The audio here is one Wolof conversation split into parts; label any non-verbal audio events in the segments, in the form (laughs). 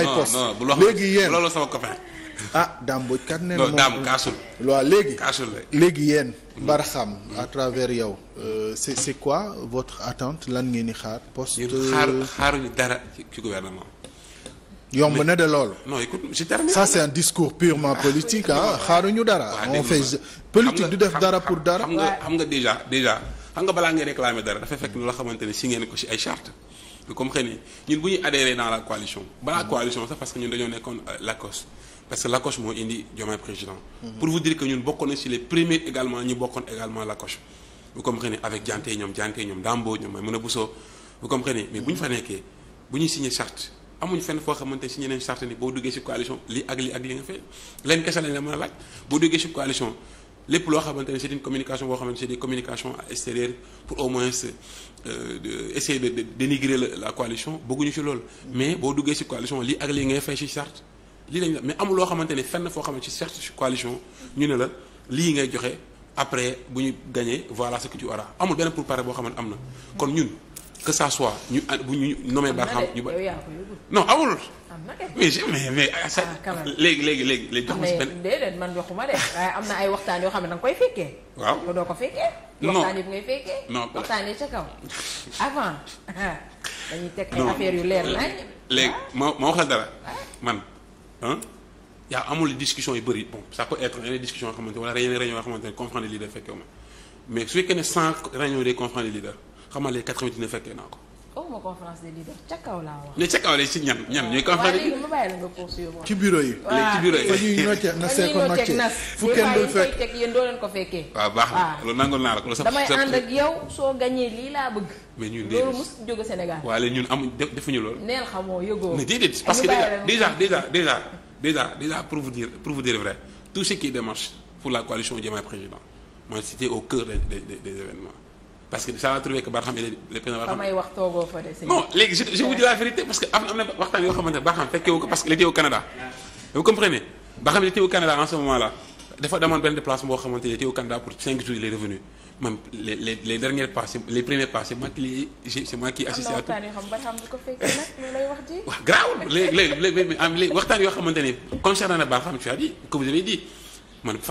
ay poste léegi yéen loolu sama copain ah kat na moom Dame kaasul waaw léegi kaasul léegi yéen mm. Barham mm. à travers yow euh, c'est c'est quoi votre attente lan ngeen di xaar poste euh, xaar xaaruñu dara ci gouvernement yomb na de loolu non écoute je termine ça c'est discours purement ah, politique ah, xaaruñu dara on fait du def dara pour dara xam nga xam nga déjà déjà xam nga balaa ngay réclamer dara dafa fekk lu la xamante ne si ngeen ko si ay charte comme xëy na ñun bu ñu adhéré dans la coalition. balaa mm-hmm. coalition sax parce que ñun dañoo nekkoon euh, LACOS parce que LACOS moo indi Diomaye président. Mm-hmm. pour vous dire que ñun bokkoon na ci les premiers également ñu bokkoon également LACOS. vous comprenez mais bu ñu fa mm-hmm. nekkee bu ñuy signé charte amuñu fenn foo xamante signé nañ charte ni boo duggee ci coalition lii ak lii ak li nga fay leen kese lañ la mën a laaj boo duggee ci coalition. lépp loo xamante ne c'est une communication boo xamante ne c'est des communications extérieures pour au moins euh, essayer de dénigrer la coalition bëgguñu ci lool mais boo duggee ci coalition lii ak lii ngay fay ci charte lii lañ mais amul loo xamante ne fenn foo xamante ci charte ci coalition ñu ne la lii ngay joxe après bu ñu gagné voilà ce que tu amul benn pour pare boo xamante am na kon ñun que ça soit ñu ah, bu ñu nommé ba xam ñu ba non amul. am na mais mais. Ah, ah, léegi léegi léegi léegi jox ma si benn. déedéet man joxuma de waaye am na ay waxtaan yoo xam ne da koy fekkee. waaw doo ko fekkee. non waxtaan yi bu ngay fekkee. non waxtaanee ca kaw (laughs) avant (laughs) dañuy teg leer nañ. léegi ma ma wax la dara man ah. yaa amul discussion yu bëri bon ça peut être yeneen discussion yoo xamante wala yeneen réunion yoo xamante ne conférence des fekkee ma mais su fekkee ne sans réunion des conférences des leaders xamal ne 99 fekkee naa ko. aw ca kaw laa wax. ne ca kaw lay si ñan ñan ñooy. conférence léegi ci bureau yi. yi fa ñuy noter na see ko waaw baax na loolu nangul naa la ko. damay ànd ak yow soo gañee lii laa bëgg. mais ñun déedéet loolu mos jóge Sénégal. waaw léegi ñun amuñ defuñu loolu. neel xamoo yëgoo. parce que déjà déjà déjà déjà déjà pour vous dire pour vous dire vrai tout ce qui démarche pour la coalition Diomaye président moi c'était au cœur des des événements parce que ça va trouver que Barham le président Barham. may vous dis la vérité parce que am na waxtaan yoo xamante ne Barham fekkee wu ko parce que il était au Canada. vous comprenez Barham il était Canada en ce moment là dafa demoon benn déplacement boo xamante ne il était Canada pour cinq jours il est revenu les derniers pas les premiers pas c'est moi qui c'est moi tout. am na waxtaan yoo wax ji. yoo xamante ne concernant na Barham dit que vous avez dit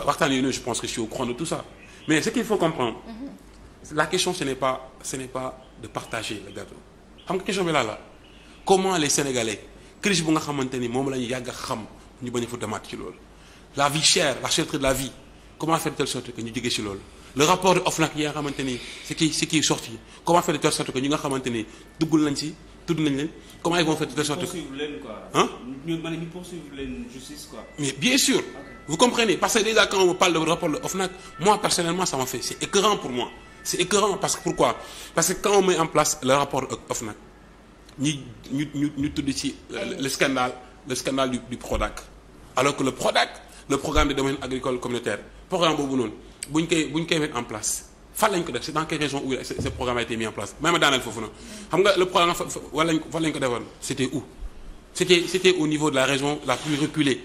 waxtaan yooyu noonu je mais ce la question ce n'est pas ce n'est pas de partager le gâteau xam nga question bi laa la comment les sénégalais crise bu nga xamante ni moom la ñu yàgg a xam ñu bañ a fa demaat ci loolu la vie chère la cherté de la vie comment faire de telle sorte que ñu jógee ci loolu le rapport de OFNAC yi nga xamante ni ce qui ce qui est sorti comment faire de telle sorte que ñu nga xamante ni duggul nañ ci tudd nañ leen comment ils vont de telle sorte que bien sûr vous comprenez parce que déjà quand on parle de rapport c'est écœurant parce que pourquoi parce que quand on met en place le rapport OFNAC ñi ñu ñu ñu tudd ci euh, le scandale le scandale du, du Prodac alors que le Prodac le programme de domaine agricole communautaire programme boobu noonu bu ñu koy bu ñu koy mettre en place fan lañ ko def c'est dans quelle région où ce, ce programme a été mis en place même daaneel foofu na xam nga le programme wala lañ fan lañ ko defoon c'était où c'était c'était au niveau de la région la plus reculée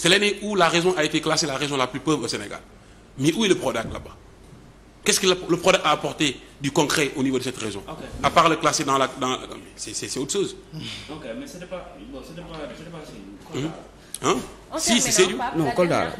C'est l'année où la raison a été classée la raison la plus pauvre au Sénégal. Mais où est le PRODAC là-bas? Qu'est-ce que le, le PRODAC a apporté du concret au niveau de cette raison À part le classer dans la dans c'est c'est autre chose. Hmm. Si, c'est du non, Kolda.